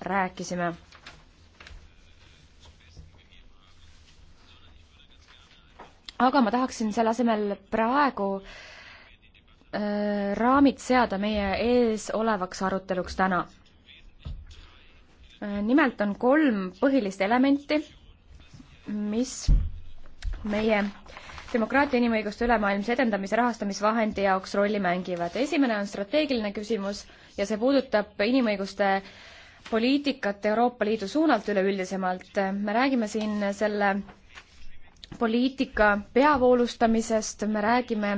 rääkisime. aga ma tahaksin selle asemel praegu äh, raamid seada meie ees olevaks aruteluks täna äh,. nimelt on kolm põhilist elementi, mis meie demokraatia inimõiguste ülemaailmse edendamise rahastamisvahendi jaoks rolli mängivad. esimene on strateegiline küsimus ja see puudutab inimõiguste äh, poliitikat Euroopa Liidu suunalt üleüldisemalt. me räägime siin selle poliitika peavoolustamisest, me räägime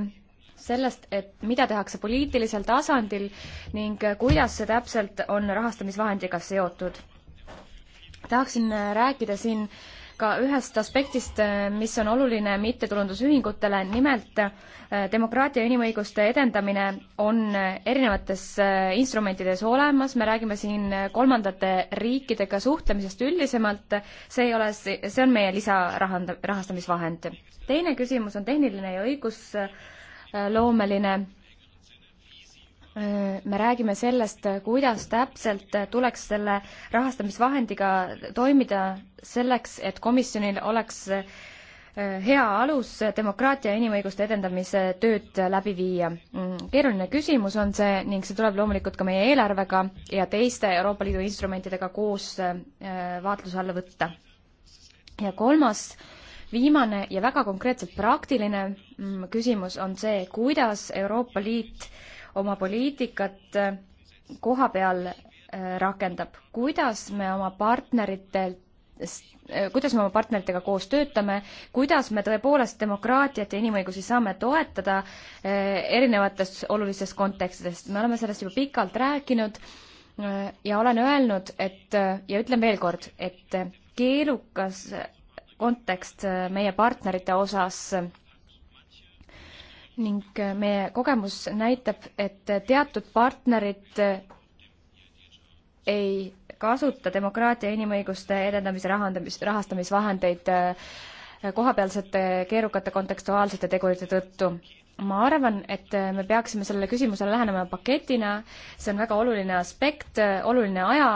sellest, et mida tehakse poliitilisel tasandil ning kuidas see täpselt on rahastamisvahendiga seotud. tahaksin rääkida siin äh, ka ühest aspektist, eh, mis on oluline mittetulundusühingutele, nimelt eh, demokraatia ja inimõiguste edendamine on eh, erinevates instrumentides olemas, me räägime siin kolmandate riikidega suhtlemisest üldisemalt, see ei ole, see on meie lisarahand-, rahastamisvahend. teine küsimus on tehniline ja õigusloomeline me räägime sellest, kuidas täpselt tuleks selle rahastamisvahendiga toimida selleks, et komisjonil oleks hea alus demokraatia ja inimõiguste edendamise tööd läbi viia. Mm, keeruline küsimus on see ning see tuleb loomulikult ka meie eelarvega ja teiste Euroopa Liidu instrumentidega koos vaatluse alla võtta. ja kolmas viimane ja väga konkreetselt praktiline mm, küsimus on see, kuidas Euroopa Liit äh, oma poliitikat äh, koha peal äh, rakendab, kuidas me oma partneritelt äh, kuidas me oma partneritega koos töötame, kuidas me tõepoolest demokraatiat ja inimõigusi saame toetada erinevates olulistes kontekstides. me oleme sellest juba pikalt rääkinud ja olen öelnud, et ja ütlen veel kord, et keerukas kontekst meie partnerite osas ning äh, meie kogemus näitab, et teatud partnerid äh, ei kasuta demokraatia inimõiguste edendamise rahandamis, rahastamisvahendeid äh, kohapealsete keerukate kontekstuaalsete tegurite tõttu ma arvan, et me peaksime sellele küsimusele lähenema paketina, see on väga oluline aspekt, oluline aja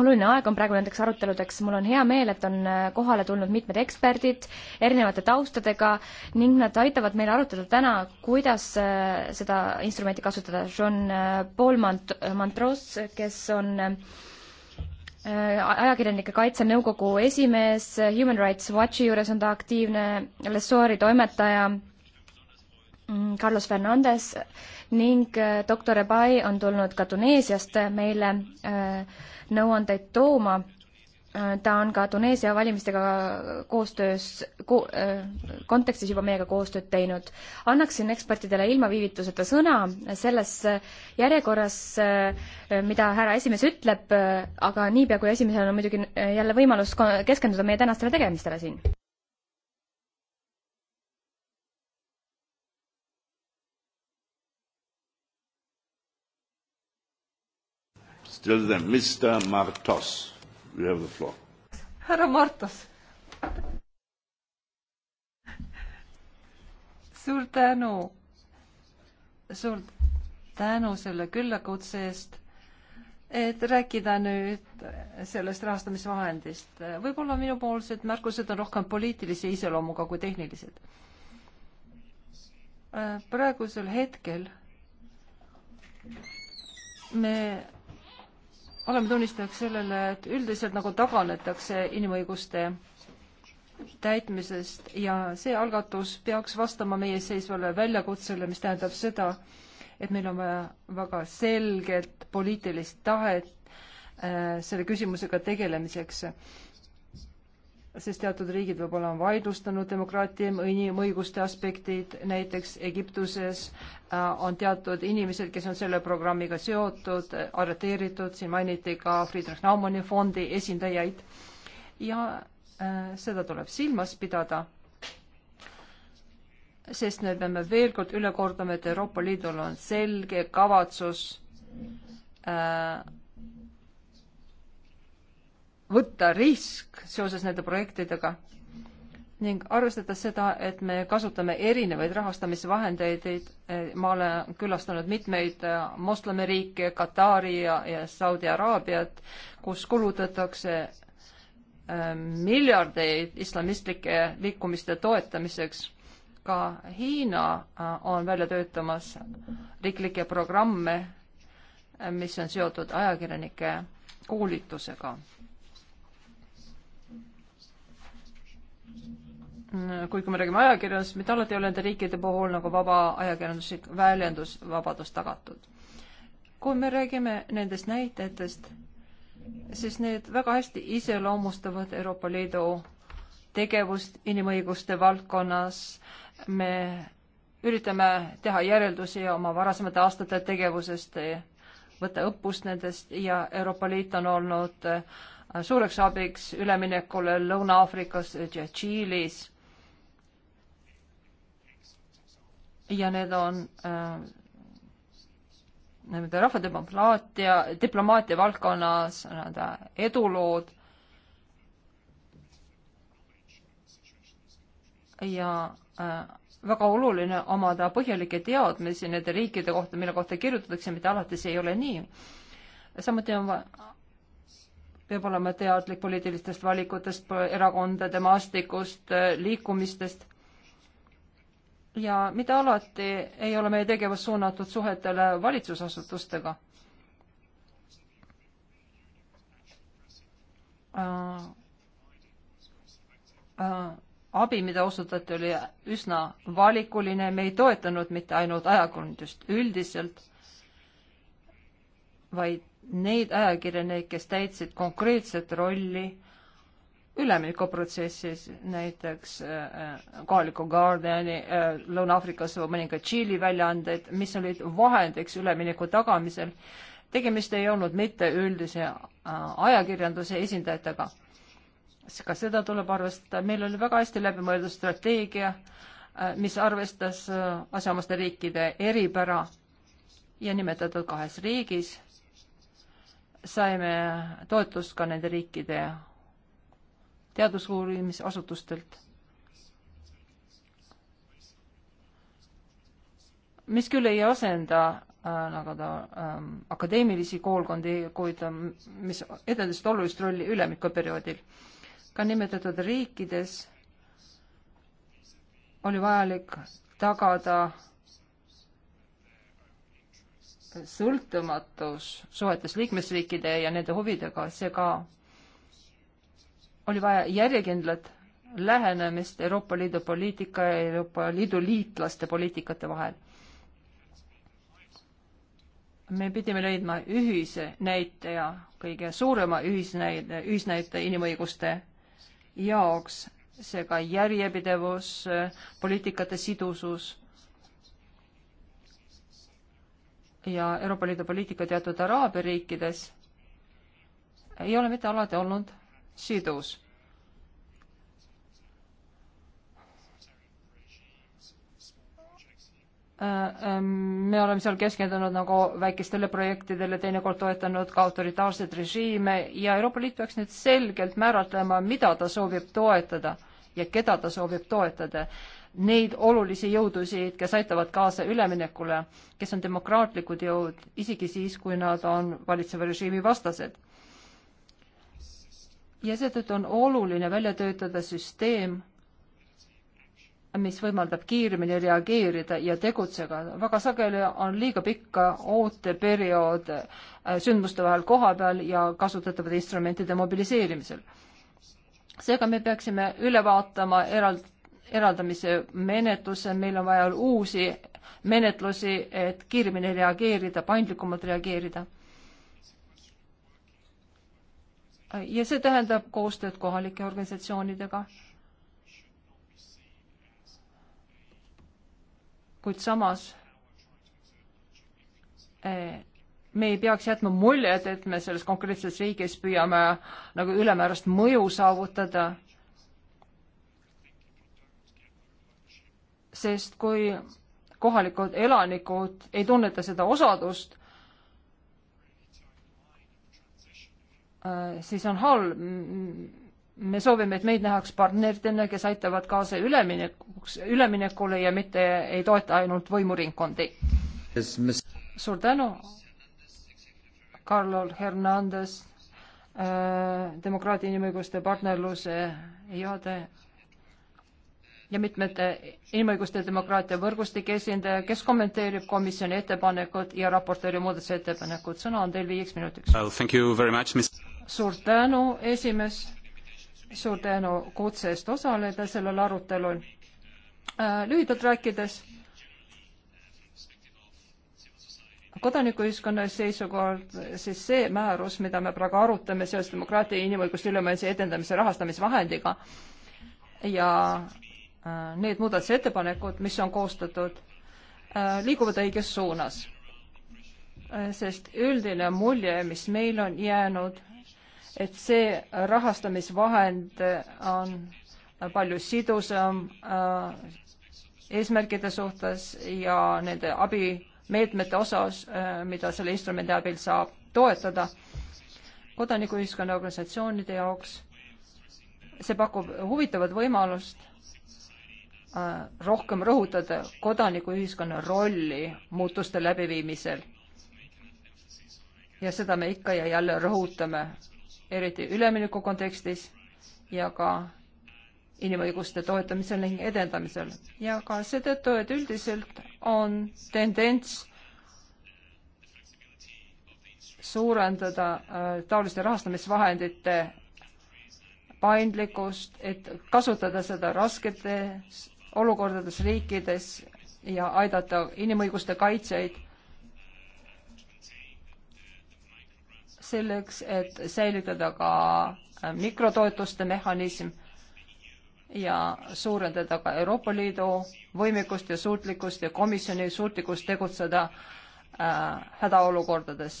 oluline aeg on praegu nendeks aruteludeks, mul on hea meel, et on äh, kohale tulnud mitmed eksperdid erinevate taustadega ning nad aitavad meil arutada täna, kuidas äh, seda instrumenti kasutada. Jean-Paul äh, Mant-, Mantros, kes on ajakirjanike kaitsenõukogu esimees, Human Rights Watchi juures on ta aktiivne, Lessori toimetaja mm, Carlos Fernandez ning doktor Ebai on tulnud ka Tuneesiast meile äh, nõuandeid tooma. ta on ka Tuneesia valimistega koostöös ko,, äh, kontekstis juba meiega koostööd teinud. annaksin ekspertidele ilma viivituseta sõna selles järjekorras, äh, mida härra esimees ütleb, äh, aga niipea kui esimesel on muidugi jälle võimalus keskenduda meie tänastele tegemistele siin. Still then, Mr Martos, you have the floor. härra Martos. suur tänu, suur tänu selle küllakutse eest et rääkida nüüd sellest rahastamisvahendist, võib-olla minupoolsed märkused on rohkem poliitilise iseloomuga kui tehnilised. praegusel hetkel me oleme tunnistajaks sellele, et üldiselt nagu taganetakse inimõiguste täitmisest ja see algatus peaks vastama meie seisvale väljakutsele, mis tähendab seda, et meil on vaja väga selgelt poliitilist tahet äh, selle küsimusega tegelemiseks sest teatud riigid võib-olla on vaidlustanud demokraatia inimõiguste aspektid, näiteks Egiptuses äh, on teatud inimesed, kes on selle programmiga seotud, arreteeritud, siin mainiti ka Friedrich Naumanni fondi esindajaid ja äh, seda tuleb silmas pidada, sest me peame veel kord üle kordama, et Euroopa Liidul on selge kavatsus äh, võtta risk seoses nende projektidega ning arvestades seda, et me kasutame erinevaid rahastamisvahendeid, eh, ma olen külastanud mitmeid eh, moslemi riike, Katari ja, ja Saudi Araabiat, kus kulutatakse eh, miljardeid islamistlike liikumiste toetamiseks. ka Hiina on välja töötamas riiklikke programme, mis on seotud ajakirjanike koolitusega Mm, kuid kui me räägime ajakirjandusest, mitte alati ei ole nende riikide puhul nagu vaba ajakirjanduslik väljendusvabadus tagatud. kui me räägime nendest näitajatest, siis need väga hästi iseloomustavad Euroopa Liidu tegevust inimõiguste valdkonnas. me üritame teha järeldusi oma varasemate aastate tegevusest, võtta õppust nendest ja Euroopa Liit on olnud suureks abiks üleminekule Lõuna-Aafrikas ja Tšiilis ja need on äh, nii-öelda rahvadiplomaatia, diplomaatia valdkonnas nii-öelda äh, edulood ja äh, väga oluline omada põhjalikke teadmisi nende riikide kohta, mille kohta kirjutatakse, mitte alati see ei ole nii. samuti on, peab olema teadlik poliitilistest valikutest, erakondade maastikust, äh, liikumistest ja mitte alati ei ole meie tegevus suunatud suhetele valitsusasutustega. Äh, äh, abi, mida osutati, oli üsna valikuline, me ei toetanud mitte ainult ajakirjandust üldiselt, vaid neid ajakirjanikke, kes täitsid konkreetset rolli äh, üleminekuprotsessis, näiteks äh, äh, kohaliku Guardiani äh, Lõuna-Aafrikas või mõningaid Tšiili väljaandeid, mis olid vahendiks ülemineku tagamisel. tegemist ei olnud mitte üldise ajakirjanduse esindajatega. ka seda tuleb arvestada, meil oli väga hästi läbimõeldud strateegia, mis arvestas asjaomaste riikide eripära ja nimetatud kahes riigis saime toetust ka nende riikide teadusuurimisasutustelt. mis küll ei asenda äh, nagu ta ähm, akadeemilisi koolkondi, kuid ähm, mis edendasid olulist rolli ülemikuperioodil. ka nimetatud riikides oli vajalik tagada sõltumatus suhetes liikmesriikide ja nende huvidega, seega oli vaja järjekindlat lähenemist Euroopa Liidu poliitika ja Euroopa Liidu liitlaste poliitikate vahel. me pidime leidma ühise näitaja, kõige suurema ühisnäide, ühisnäitaja inimõiguste jaoks, seega järjepidevus, poliitikate sidusus ja Euroopa Liidu poliitika teatud araabia riikides ei ole mitte alati olnud sidus. Äh, ähm, me oleme seal keskendunud nagu väikestele projektidele, teinekord toetanud ka autoritaarseid režiime ja Euroopa Liit peaks nüüd selgelt määratlema, mida ta soovib toetada ja keda ta soovib toetada. Neid olulisi jõudusid, kes aitavad kaasa üleminekule, kes on demokraatlikud jõud, isegi siis, kui nad on valitseva režiimi vastased ja seetõttu on oluline välja töötada süsteem, mis võimaldab kiiremini reageerida ja tegutseda. väga sageli on liiga pikka ooteperiood äh, sündmuste vahel kohapeal ja kasutatavate instrumentide mobiliseerimisel. seega me peaksime üle vaatama erald-, eraldamise menetluse, meil on vaja uusi menetlusi, et kiiremini reageerida, paindlikumalt reageerida ja see tähendab koostööd kohalike organisatsioonidega. kuid samas eh, me ei peaks jätma muljet, et me selles konkreetses riigis püüame nagu ülemäärast mõju saavutada. sest kui kohalikud elanikud ei tunneta seda osadust, Äh, siis on halb. me soovime, et meid nähaks partneritena, kes aitavad kaasa üleminekuks, üleminekule ja mitte ei toeta ainult võimuringkondi. suur tänu, Carlo Hernandez, äh, demokraatia inimõiguste partnerluse juhataja ja mitmete inimõiguste demokraatia võrgustike esindaja, kes kommenteerib komisjoni ettepanekut ja raportööri muudatusettepanekut. sõna on teil viieks minutiks well, suur tänu, esimees, suur tänu kutse eest osaleda sellel arutelul. Äh, lühidalt rääkides kodanikuühiskonna seisukohalt siis see määrus, mida me praegu arutame seoses demokraatia ja inimõiguste ülemaailmse edendamise rahastamisvahendiga ja äh, need muudatusettepanekud, mis on koostatud, äh, liiguvad õiges suunas. sest üldine mulje, mis meil on jäänud, et see rahastamisvahend on palju sidusam äh, eesmärkide suhtes ja nende abimeetmete osas, äh, mida selle instrumendi abil saab toetada kodanikuühiskonna organisatsioonide jaoks. see pakub huvitavat võimalust äh, rohkem rõhutada kodanikuühiskonna rolli muutuste läbiviimisel. ja seda me ikka ja jälle rõhutame eriti ülemineku kontekstis ja ka inimõiguste toetamisel ning edendamisel ja ka seetõttu, et üldiselt on tendents suurendada äh, taoliste rahastamisvahendite paindlikkust, et kasutada seda rasketes olukordades riikides ja aidata inimõiguste kaitsjaid selleks, et säilitada ka äh, mikrotoetuste mehhanism ja suurendada ka Euroopa Liidu võimekust ja suutlikkust ja komisjoni suutlikkust tegutseda äh, hädaolukordades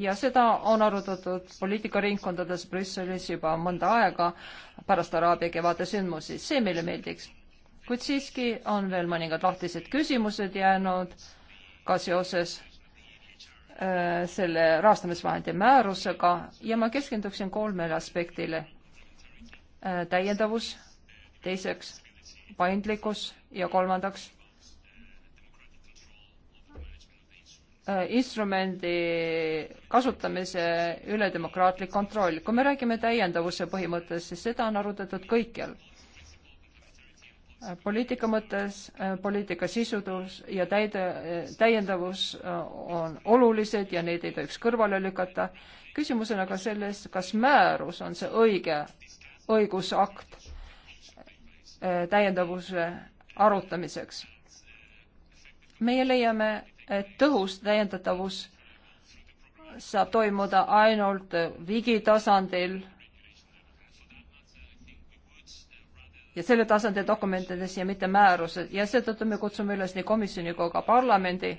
ja seda on arutatud poliitikaringkondades Brüsselis juba mõnda aega pärast Araabia kevade sündmusi, see meile meeldiks. kuid siiski on veel mõningad lahtised küsimused jäänud ka seoses Äh, selle rahastamisvahendi määrusega ja ma keskenduksin kolmele aspektile. Äh, täiendavus, teiseks paindlikkus ja kolmandaks äh, instrumendi kasutamise üle demokraatlik kontroll. kui me räägime täiendavuse põhimõttest, siis seda on arutatud kõikjal poliitika mõttes, äh, poliitika sisidus ja täide, täiendavus äh, on olulised ja neid ei tohiks kõrvale lükata. küsimus on aga selles, kas määrus on see õige õigusakt äh, täiendavuse arutamiseks. meie leiame, et tõhus täiendatavus saab toimuda ainult riigi tasandil ja selle tasandi dokumentides ja mitte määrused ja seetõttu me kutsume üles nii komisjoni kui ka parlamendi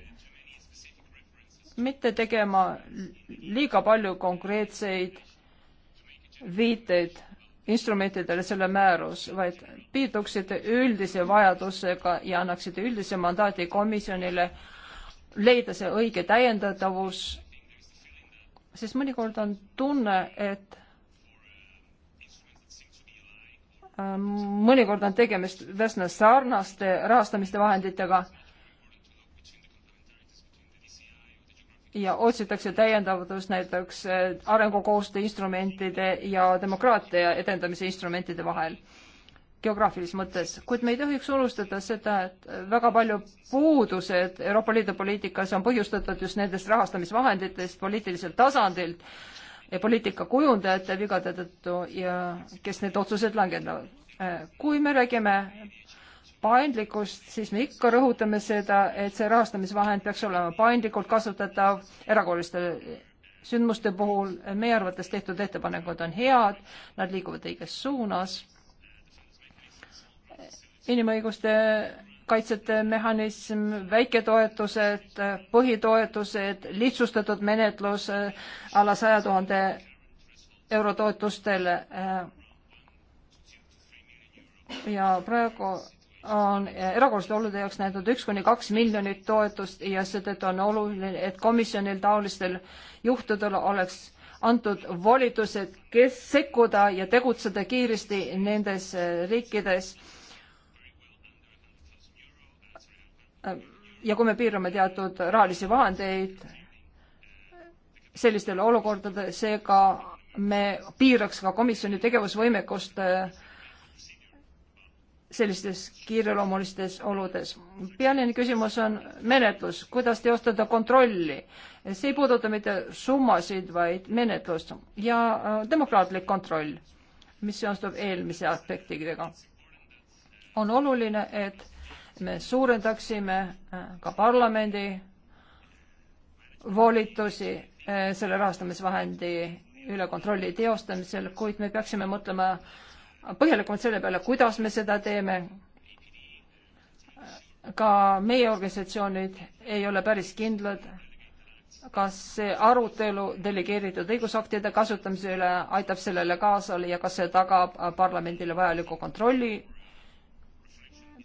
mitte tegema liiga palju konkreetseid viiteid instrumentidele selle määrus, vaid piirduksite üldise vajadusega ja annaksite üldise mandaadi komisjonile leida see õige täiendatavus, sest mõnikord on tunne, et Ähm, mõnikord on tegemist üsna sarnaste rahastamiste vahenditega ja otsitakse täiendavatust näiteks äh, arengukoostöö instrumentide ja demokraatia edendamise instrumentide vahel geograafilises mõttes, kuid me ei tohiks unustada seda, et äh, väga palju puudused Euroopa Liidu poliitikas on põhjustatud just nendest rahastamisvahenditest poliitiliselt tasandilt poliitikakujundajate vigade tõttu ja kes need otsused langetavad. Äh, kui me räägime paindlikkust, siis me ikka rõhutame seda, et see rahastamisvahend peaks olema paindlikult kasutatav erakooliste sündmuste puhul. meie arvates tehtud ettepanekud on head, nad liiguvad õiges suunas. inimõiguste kaitsete mehhanism, väiketoetused, põhitoetused, lihtsustatud menetlus äh, alla saja tuhande euro toetustel. Äh, ja praegu on äh, erakorraliste olude jaoks näidatud üks kuni kaks miljonit toetust ja seetõttu on oluline, et komisjonil taolistel juhtudel oleks antud volitused, kes sekkuda ja tegutseda kiiresti nendes riikides ja kui me piirame teatud rahalisi vahendeid sellistele olukordadele, seega me piiraks ka komisjoni tegevusvõimekust eh, sellistes kiireloomulistes oludes. pealine küsimus on menetlus, kuidas teostada kontrolli. see ei puuduta mitte summasid, vaid menetlust ja eh, demokraatlik kontroll, mis seostub eelmise aspektidega. on oluline, et me suurendaksime äh, ka parlamendi volitusi äh, selle rahastamisvahendi üle kontrolli teostamisel, kuid me peaksime mõtlema põhjalikumalt selle peale, kuidas me seda teeme. ka meie organisatsioonid ei ole päris kindlad, kas see arutelu delegeeritud õigusaktide kasutamise üle aitab sellele kaasale ja kas see tagab parlamendile vajaliku kontrolli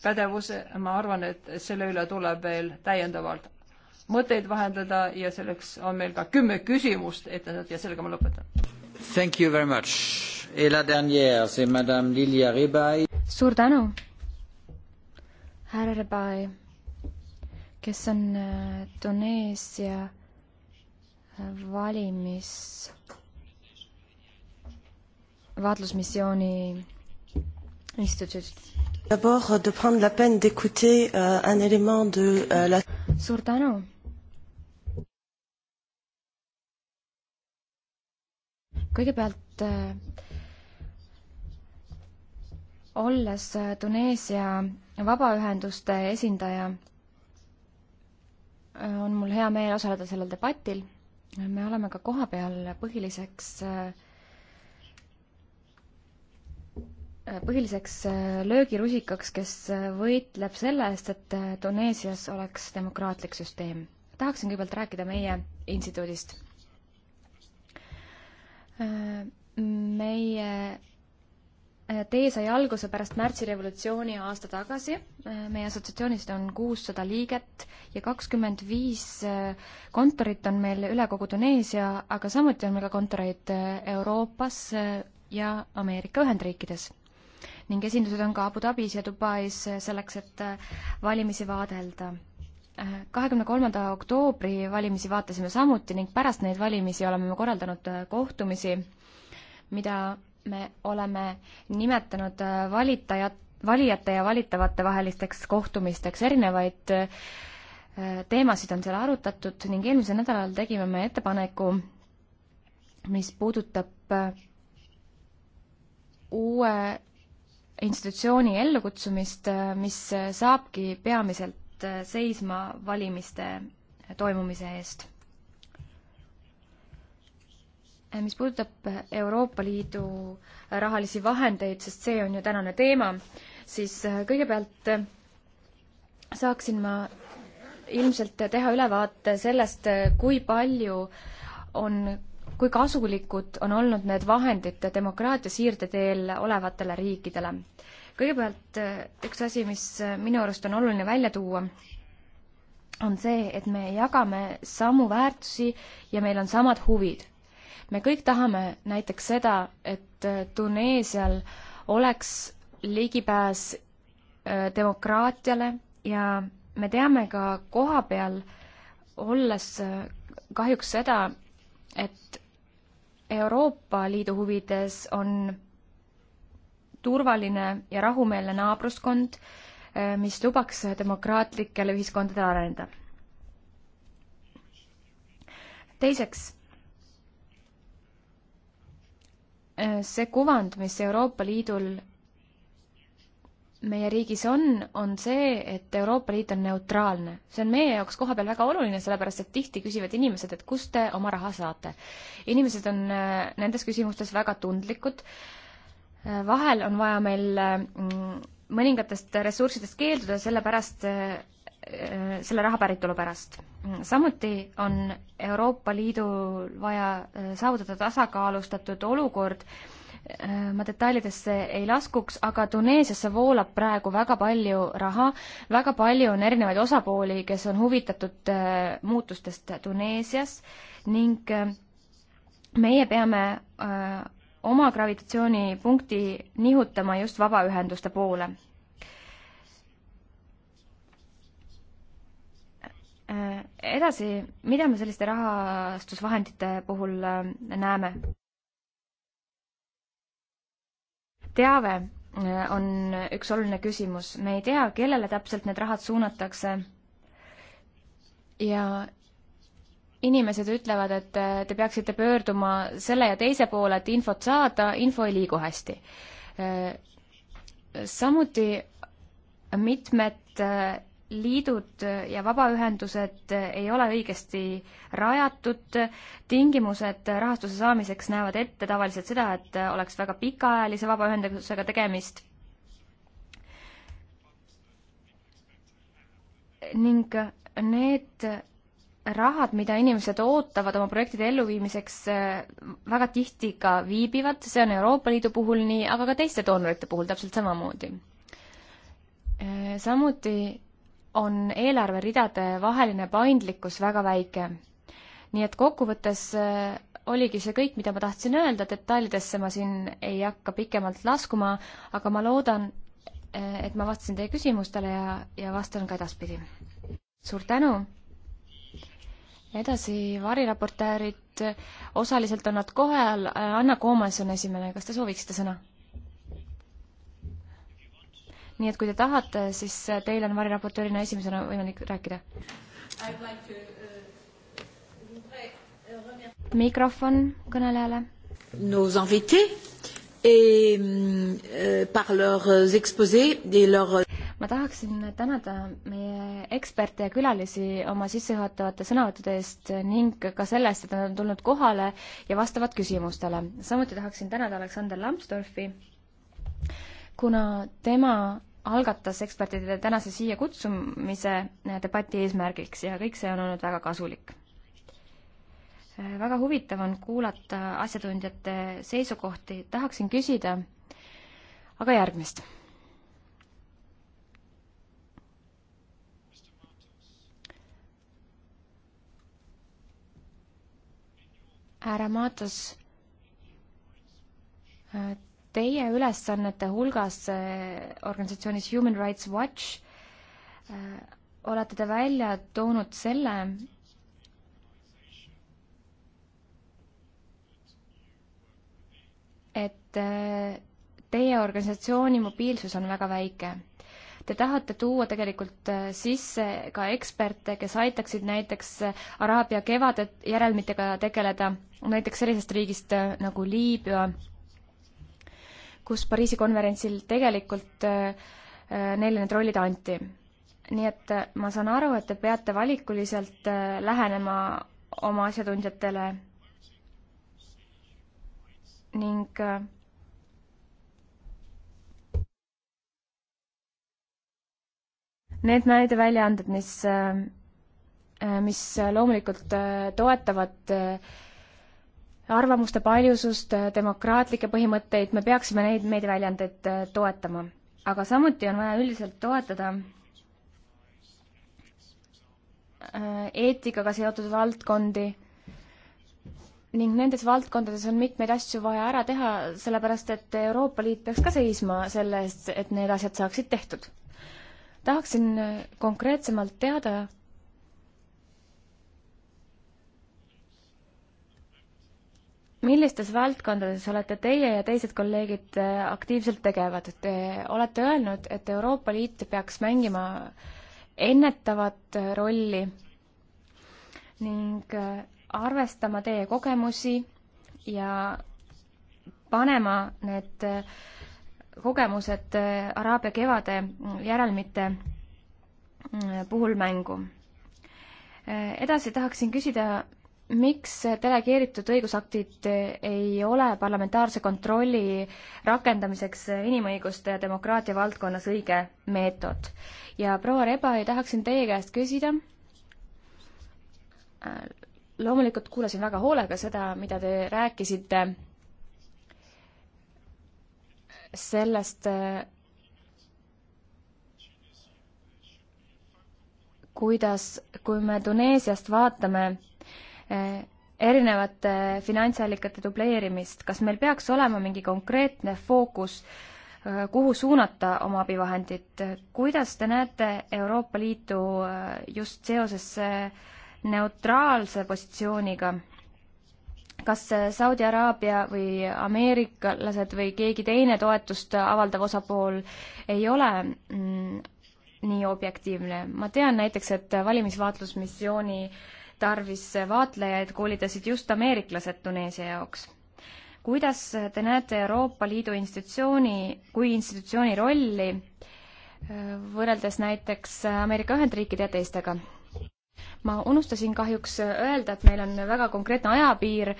pädevuse, ma arvan, et selle üle tuleb veel täiendavalt mõtteid vahendada ja selleks on meil ka kümme küsimust ettenähtud ja sellega ma lõpetan. Thank you very much. Et la dernière, c'est madame Lilia Rebai. suur tänu, härra Rebai, kes on äh, Tuneesia äh, valimis, vaatlusmissiooni instituut Euh, euh, suur tänu. kõigepealt äh, olles äh, Tuneesia vabaühenduste esindaja, äh, on mul hea meel osaleda sellel debatil. me oleme ka kohapeal põhiliseks äh, põhiliseks äh, löögirusikaks, kes äh, võitleb selle eest, et äh, Tuneesias oleks demokraatlik süsteem. tahaksin kõigepealt rääkida meie instituudist. meie tee sai alguse pärast märtsirevolutsiooni aasta tagasi. meie assotsiatsioonist on kuussada liiget ja kakskümmend viis kontorit on meil üle kogu Tuneesia, aga samuti on meil ka kontoreid Euroopas ja Ameerika Ühendriikides ning esindused on ka Abu Dhabis ja Dubais selleks, et äh, valimisi vaadelda. Äh, kahekümne kolmanda oktoobri valimisi vaatasime samuti ning pärast neid valimisi oleme me korraldanud äh, kohtumisi, mida me oleme nimetanud valitajat, valijate ja valitavate vahelisteks kohtumisteks, erinevaid teemasid on seal arutatud ning eelmisel nädalal tegime me ettepaneku, mis puudutab uue institutsiooni ellukutsumist, mis saabki peamiselt seisma valimiste toimumise eest. mis puudutab Euroopa Liidu rahalisi vahendeid, sest see on ju tänane teema, siis kõigepealt saaksin ma ilmselt teha ülevaate sellest, kui palju on kui kasulikud on olnud need vahendid demokraatia siirde teel olevatele riikidele. kõigepealt äh, üks asi, mis äh, minu arust on oluline välja tuua, on see, et me jagame samu väärtusi ja meil on samad huvid. me kõik tahame näiteks seda, et äh, Tuneesial oleks ligipääs demokraatiale ja me teame ka koha peal, olles kahjuks seda, et Euroopa Liidu huvides on turvaline ja rahumeelne naabruskond, eh, mis lubaks demokraatlikele ühiskondadele areneda. teiseks, eh, see kuvand, mis Euroopa Liidul meie riigis on, on see, et Euroopa Liit on neutraalne. see on meie jaoks kohapeal väga oluline, sellepärast et tihti küsivad inimesed, et kust te oma raha saate. inimesed on äh, nendes küsimustes väga tundlikud, äh, vahel on vaja meil mm, mõningatest ressurssidest keelduda, sellepärast, äh, selle raha päritolu pärast. Mm, samuti on Euroopa Liidul vaja saavutada tasakaalustatud olukord, ma detailidesse ei laskuks, aga Tuneesiasse voolab praegu väga palju raha, väga palju on erinevaid osapooli, kes on huvitatud äh, muutustest Tuneesias ning äh, meie peame äh, oma gravitatsioonipunkti nihutama just vabaühenduste poole. edasi, mida me selliste rahastusvahendite puhul näeme? teave äh, on üks oluline küsimus. me ei tea, kellele täpselt need rahad suunatakse ja inimesed ütlevad, et äh, te peaksite pöörduma selle ja teise poole, et infot saada, info ei liigu hästi. Äh, samuti mitmed liidud ja vabaühendused ei ole õigesti rajatud, tingimused rahastuse saamiseks näevad ette tavaliselt seda, et oleks väga pikaajalise vabaühendusega tegemist ning need rahad, mida inimesed ootavad oma projektide elluviimiseks, väga tihti ka viibivad, see on Euroopa Liidu puhul nii, aga ka teiste doonorite puhul täpselt samamoodi. samuti on eelarveridade vaheline paindlikkus väga väike. nii et kokkuvõttes äh, oligi see kõik, mida ma tahtsin öelda, detailidesse ma siin ei hakka pikemalt laskuma, aga ma loodan, äh, et ma vastasin teie küsimustele ja, ja vastan ka edaspidi. suur tänu! edasi variraportöörid, osaliselt on nad kohal, äh, Anna Koomas on esimene, kas te sooviksite sõna? nii et kui te tahate, siis teil on variraportöörina esimesena võimalik rääkida. mikrofon kõnelejale. Nos invités et euh, par leurs exposés et leurs ma tahaksin tänada meie eksperte ja külalisi oma sissejuhatavate sõnavõttude eest ning ka sellest, et nad on tulnud kohale ja vastavad küsimustele. samuti tahaksin tänada Aleksander Lambsdorfi, kuna tema algatas ekspertide tänase siia kutsumise eh, debati eesmärgiks ja kõik see on olnud väga kasulik. Eh, väga huvitav on kuulata asjatundjate seisukohti, tahaksin küsida aga järgmist. härra Maatos, eh, teie ülesannete hulgas organisatsioonis Human Rights Watch äh, olete te välja toonud selle, et äh, teie organisatsiooni mobiilsus on väga väike. Te tahate tuua tegelikult äh, sisse ka eksperte, kes aitaksid näiteks Araabia kevade järelmitega tegeleda, näiteks sellisest riigist nagu Liibüa kus Pariisi konverentsil tegelikult äh, äh, neile need rollid anti. nii et äh, ma saan aru, et te peate valikuliselt lähenema oma asjatundjatele ning need meediaväljaanded, mis, mis loomulikult toetavad arvamuste paljusust, demokraatlikke põhimõtteid, me peaksime neid meediaväljandeid äh, toetama. aga samuti on vaja üldiselt toetada äh, eetikaga seotud valdkondi ning nendes valdkondades on mitmeid asju vaja ära teha, sellepärast et Euroopa Liit peaks ka seisma selle eest, et need asjad saaksid tehtud. tahaksin äh, konkreetsemalt teada, millistes valdkondades olete teie ja teised kolleegid äh, aktiivselt tegevad? Te olete öelnud, et Euroopa Liit peaks mängima ennetavat äh, rolli ning äh, arvestama teie kogemusi ja panema need kogemused Araabia kevade järelmite puhul mängu. edasi tahaksin küsida, miks delegeeritud õigusaktid ei ole parlamentaarse kontrolli rakendamiseks inimõiguste ja demokraatia valdkonnas õige meetod? ja proua Rebai, tahaksin teie käest küsida, äh, loomulikult kuulasin väga hoolega seda, mida te rääkisite sellest, äh, kuidas, kui me Tuneesiast vaatame erinevate finantsallikate dubleerimist, kas meil peaks olema mingi konkreetne fookus, äh, kuhu suunata oma abivahendid, kuidas te näete Euroopa Liitu äh, just seoses äh, neutraalse positsiooniga? kas Saudi Araabia või ameeriklased või keegi teine toetust avaldav osapool ei ole mm, nii objektiivne. ma tean näiteks, et valimisvaatlusmissiooni äh, tarvis vaatlejaid koolitasid just ameeriklased Tuneesia jaoks. kuidas te näete Euroopa Liidu institutsiooni kui institutsiooni rolli äh, võrreldes näiteks Ameerika Ühendriikide ja teistega? ma unustasin kahjuks öelda, et meil on väga konkreetne ajapiir,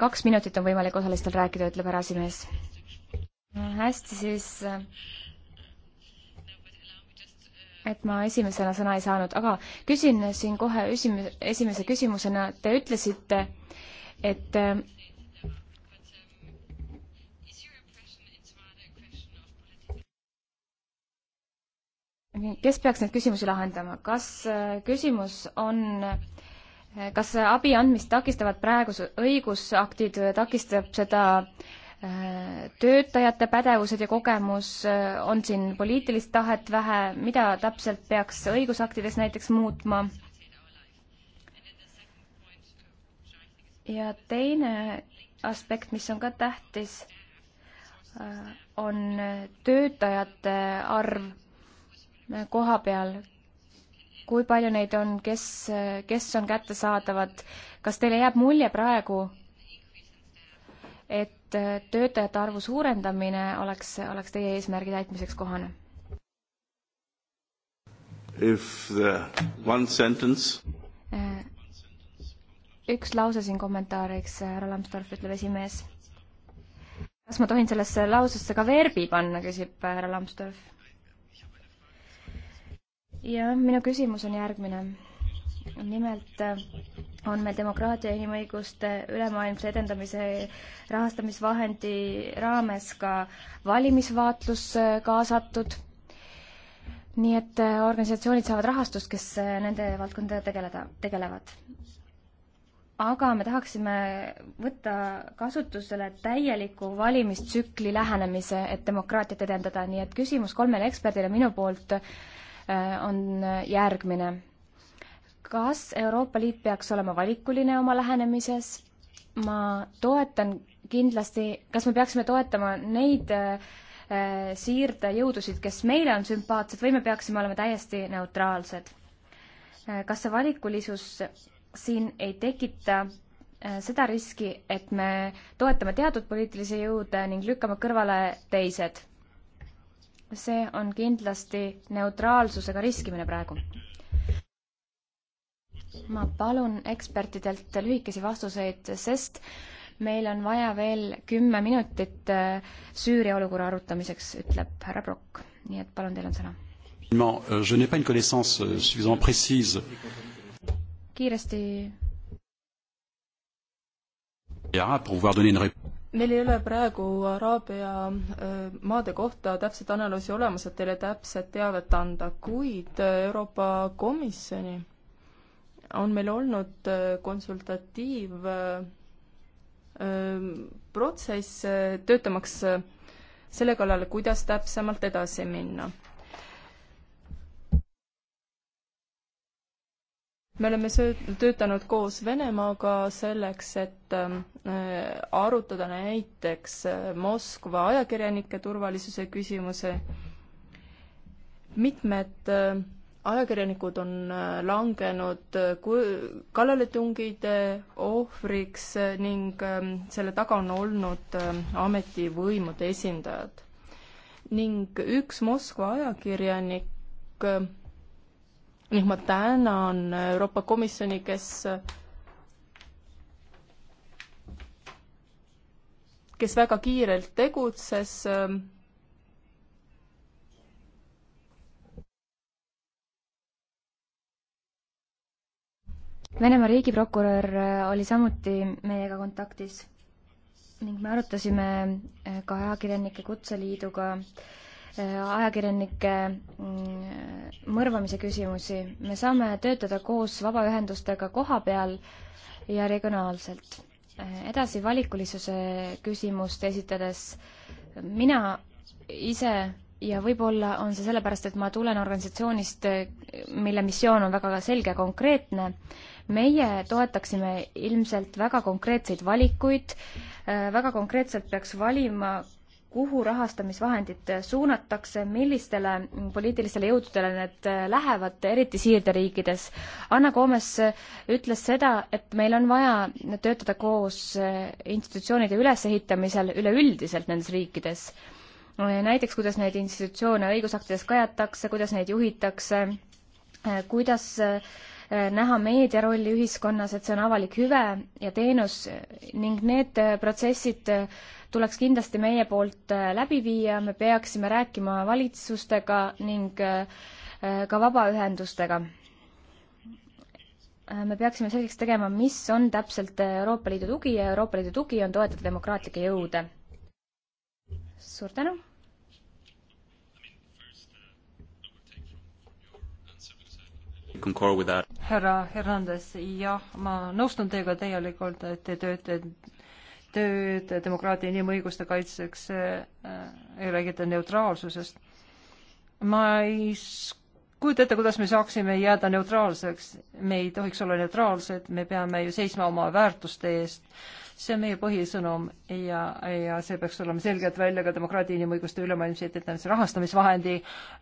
kaks minutit on võimalik osalistel rääkida, ütleb härrasimees. hästi, siis äh, et ma esimesena sõna ei saanud, aga küsin siin kohe esimese, esimese küsimusena, te ütlesite, et kes peaks neid küsimusi lahendama, kas äh, küsimus on, äh, kas abi andmist takistavad praegused õigusaktid, takistab seda äh, töötajate pädevused ja kogemus, äh, on siin poliitilist tahet vähe, mida täpselt peaks õigusaktides näiteks muutma? ja teine aspekt, mis on ka tähtis, äh, on töötajate arv koha peal, kui palju neid on, kes, kes on kättesaadavad, kas teile jääb mulje praegu, et et äh, töötajate arvu suurendamine oleks, oleks teie eesmärgi täitmiseks kohane? If the one sentence äh, üks lause siin kommentaariks, äh, härra Lambsdorff, ütleb esimees. kas ma tohin sellesse lausesse ka verbi panna, küsib härra Lambsdorff. jah, minu küsimus on järgmine nimelt äh, on meil demokraatia ja inimõiguste ülemaailmse edendamise rahastamisvahendi raames ka valimisvaatlus äh, kaasatud. nii et äh, organisatsioonid saavad rahastust, kes nende valdkondadega tegeleda, tegelevad. aga me tahaksime võtta kasutusele täieliku valimistsükli lähenemise, et demokraatiat edendada, nii et küsimus kolmele eksperdile minu poolt on järgmine kas Euroopa Liit peaks olema valikuline oma lähenemises? ma toetan kindlasti, kas me peaksime toetama neid äh, siirdejõudusid, kes meile on sümpaatsed või me peaksime olema täiesti neutraalsed? Äh, kas see valikulisus siin ei tekita äh, seda riski, et me toetame teatud poliitilisi jõude ning lükkame kõrvale teised? see on kindlasti neutraalsusega riskimine praegu ma palun ekspertidelt lühikesi vastuseid, sest meil on vaja veel kümme minutit äh, Süüria olukorra arutamiseks, ütleb härra Brock. nii et palun, teil on sõna. Äh, äh, kiiresti. meil ei ole praegu Araabia maade kohta täpset analüüsi olemas, et teile täpset teavet anda, kuid Euroopa Komisjoni on meil olnud äh, konsultatiiv äh, ähm, protsess, äh, töötamaks selle kallal, kuidas täpsemalt edasi minna. me oleme töötanud koos Venemaaga selleks, et ähm, arutada näiteks Moskva ajakirjanike turvalisuse küsimuse. mitmed ajakirjanikud on äh, langenud äh, kallaletungide äh, ohvriks ning ähm, selle taga on olnud ametivõimude esindajad. ning üks Moskva ajakirjanik, ning ma tänan Euroopa Komisjoni, kes kes väga kiirelt tegutses Venemaa riigiprokurör äh, oli samuti meiega kontaktis ning me arutasime äh, ka ajakirjanike kutseliiduga äh, ajakirjanike mm, mõrvamise küsimusi. me saame töötada koos vabaühendustega koha peal ja regionaalselt. edasi valikulisuse küsimust esitades, mina ise ja võib-olla on see sellepärast, et ma tulen organisatsioonist, mille missioon on väga selge ja konkreetne, meie toetaksime ilmselt väga konkreetseid valikuid, äh, väga konkreetselt peaks valima, kuhu rahastamisvahendid suunatakse, millistele poliitilistele jõududele need äh, lähevad, eriti siirderiikides. Anna Koomes äh, ütles seda, et meil on vaja töötada koos institutsioonide ülesehitamisel üleüldiselt nendes riikides. näiteks, kuidas neid institutsioone õigusaktides kajatakse, kuidas neid juhitakse, kuidas äh, Äh, näha meedia rolli ühiskonnas, et see on avalik hüve ja teenus ning need äh, protsessid äh, tuleks kindlasti meie poolt läbi viia, me peaksime rääkima valitsustega ning ka vabaühendustega. me peaksime selgeks tegema, mis on täpselt Euroopa Liidu tugi ja Euroopa Liidu tugi on toetada demokraatlikke jõude. suur tänu! härra Hernandez, jah, ma nõustun teiega täielikult, et te tööte tööd demokraatia inimõiguste kaitseks äh,, ei räägita neutraalsusest. ma ei kujuta ette, kuidas me saaksime jääda neutraalseks, me ei tohiks olla neutraalsed, me peame ju seisma oma väärtuste eest äh,, see on meie põhisõnum ja, ja see peaks olema selgelt välja ka demokraatia inimõiguste ülemaailmse etendamise rahastamisvahendi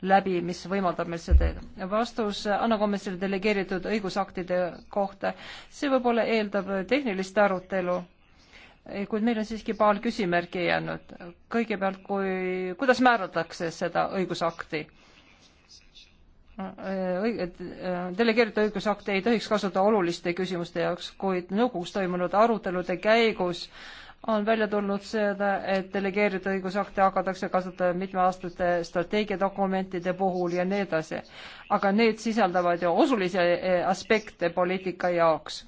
läbi, mis võimaldab meil seda. vastus Anna Kommissari delegeeritud õigusaktide kohta, see võib-olla eeldab tehnilist arutelu, kuid meil on siiski paar küsimärki jäänud. kõigepealt, kui, kuidas määratakse seda õigusakti Äh, delegeeritud õigusakte ei tohiks kasutada oluliste küsimuste jaoks, kuid nõukogus toimunud arutelude käigus on välja tulnud seda, et delegeeritud õigusakte hakatakse kasutama mitmeaastaste strateegiadokumentide puhul ja nii edasi. aga need sisaldavad ju osulisi äh, aspekte poliitika jaoks.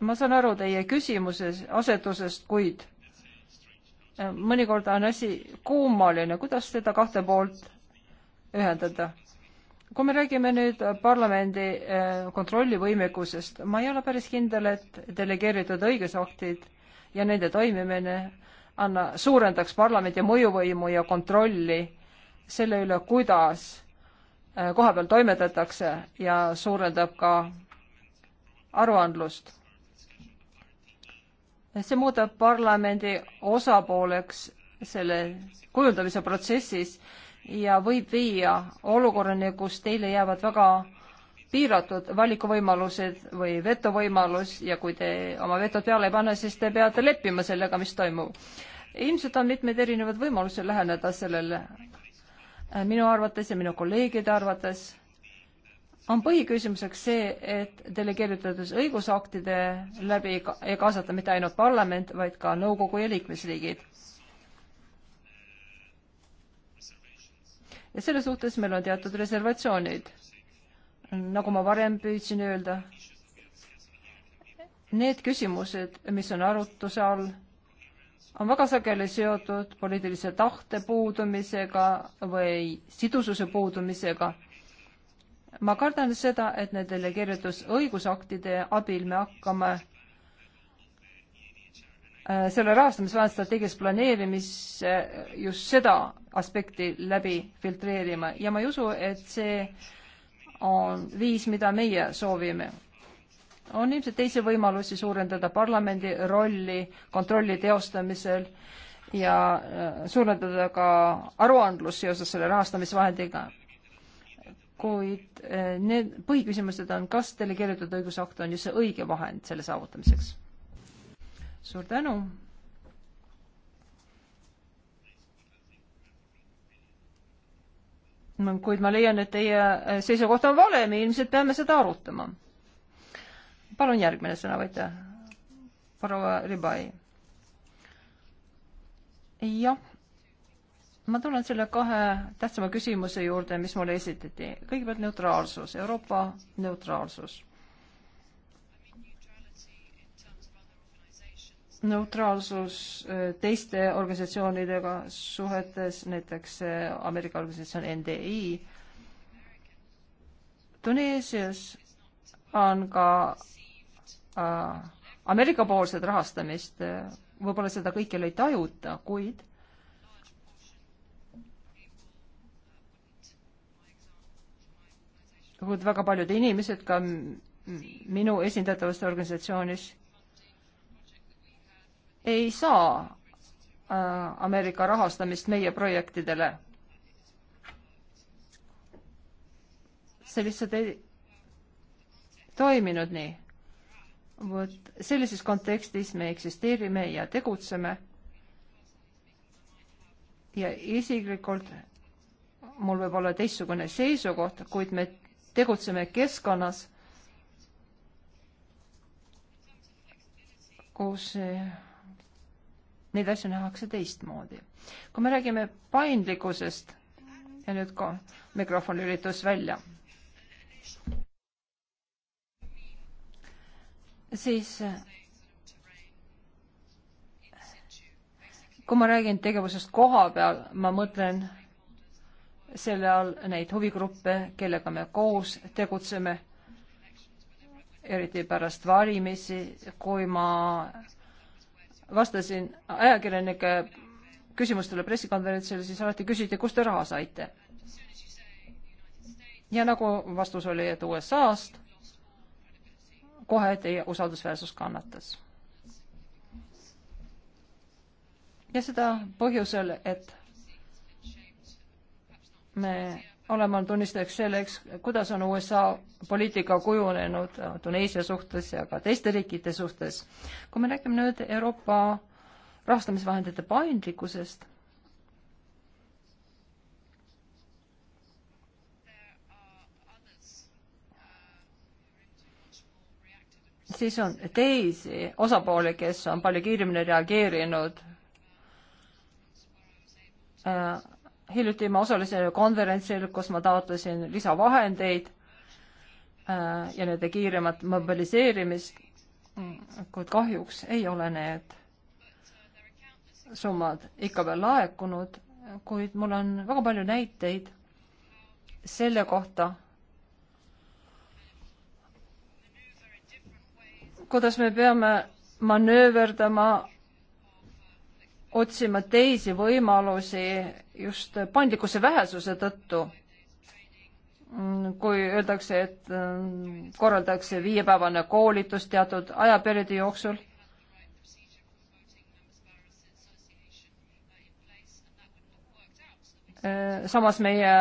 ma saan aru teie küsimuses, asetusest, kuid äh, mõnikord on asi kummaline, kuidas seda kahte poolt ühendada kui me räägime nüüd parlamendi eh, kontrollivõimekusest, ma ei ole päris kindel, et delegeeritud õigusaktid ja nende toimimine anna, suurendaks parlamendi mõjuvõimu ja kontrolli selle üle, kuidas eh, kohapeal toimetatakse ja suurendab ka aruandlust. see muudab parlamendi osapooleks selle kujundamise protsessis ja võib viia olukorrani, kus teile jäävad väga piiratud valikuvõimalused või vetovõimalus ja kui te oma vetot peale ei pane, siis te peate leppima sellega, mis toimub. ilmselt on mitmeid erinevaid võimalusi läheneda sellele. minu arvates ja minu kolleegide arvates on põhiküsimuseks see, et delegeeritud õigusaktide läbi ei kaasata mitte ainult parlament, vaid ka nõukogu ja liikmesriigid ja selle suhtes meil on teatud reservatsioonid. nagu ma varem püüdsin öelda, need küsimused, mis on arutluse all, on väga sageli seotud poliitilise tahte puudumisega või sidususe puudumisega. ma kardan seda, et nende delegeeritud õigusaktide abil me hakkame Äh, selle rahastamisvahendi strateegilist planeerimist äh, just seda aspekti läbi filtreerima ja ma ei usu, et see on viis, mida meie soovime. on ilmselt teisi võimalusi suurendada parlamendi rolli kontrolli teostamisel ja äh, suurendada ka aruandlust seoses selle rahastamisvahendiga. kuid need põhiküsimused on, kas delegeeritud õigusakt on just see õige vahend selle saavutamiseks suur tänu. kuid ma leian, et teie äh, seisukoht on vale, me ilmselt peame seda arutama. palun järgmine sõnavõtja, proua Ribai. jah, ma tulen selle kahe tähtsama küsimuse juurde, mis mulle esitati. kõigepealt neutraalsus, Euroopa neutraalsus neutraalsus äh, teiste organisatsioonidega suhetes, näiteks äh, Ameerika organisatsioon NDI. Tuneesias on ka äh, Ameerika poolset rahastamist, äh, võib-olla seda kõikjal ei tajuta, kuid kuid väga paljud inimesed ka minu esindatavast organisatsioonis ei saa äh, Ameerika rahastamist meie projektidele. see lihtsalt ei toiminud nii. vot sellises kontekstis me eksisteerime ja tegutseme. ja isiklikult mul võib olla teistsugune seisukoht, kuid me tegutseme keskkonnas, kus neid asju nähakse teistmoodi. kui me räägime paindlikkusest ja nüüd ka mikrofon lülitus välja, siis kui ma räägin tegevusest koha peal, ma mõtlen selle all neid huvigruppe, kellega me koos tegutseme, eriti pärast valimisi, kui ma vastasin ajakirjanike küsimustele pressikonverentsil, siis alati küsiti, kust te raha saite. ja nagu vastus oli, et USA-st, kohe teie usaldusväärsus kannatas. ja seda põhjusel, et me olema tunnistajaks selleks, kuidas on USA poliitika kujunenud Tuneesia suhtes ja ka teiste riikide suhtes. kui me räägime nüüd Euroopa rahastamisvahendite paindlikkusest, siis on teisi osapooli, kes on palju kiiremini reageerinud äh, hiljuti ma osalesin konverentsil, kus ma taotlesin lisavahendeid äh, ja nende kiiremat mobiliseerimist, kuid kahjuks ei ole need summad ikka veel laekunud, kuid mul on väga palju näiteid selle kohta, kuidas me peame manööverdama, otsima teisi võimalusi just paindlikkuse vähesuse tõttu, kui öeldakse, et mm, korraldatakse viiepäevane koolitus teatud ajaperioodi jooksul eh, samas meie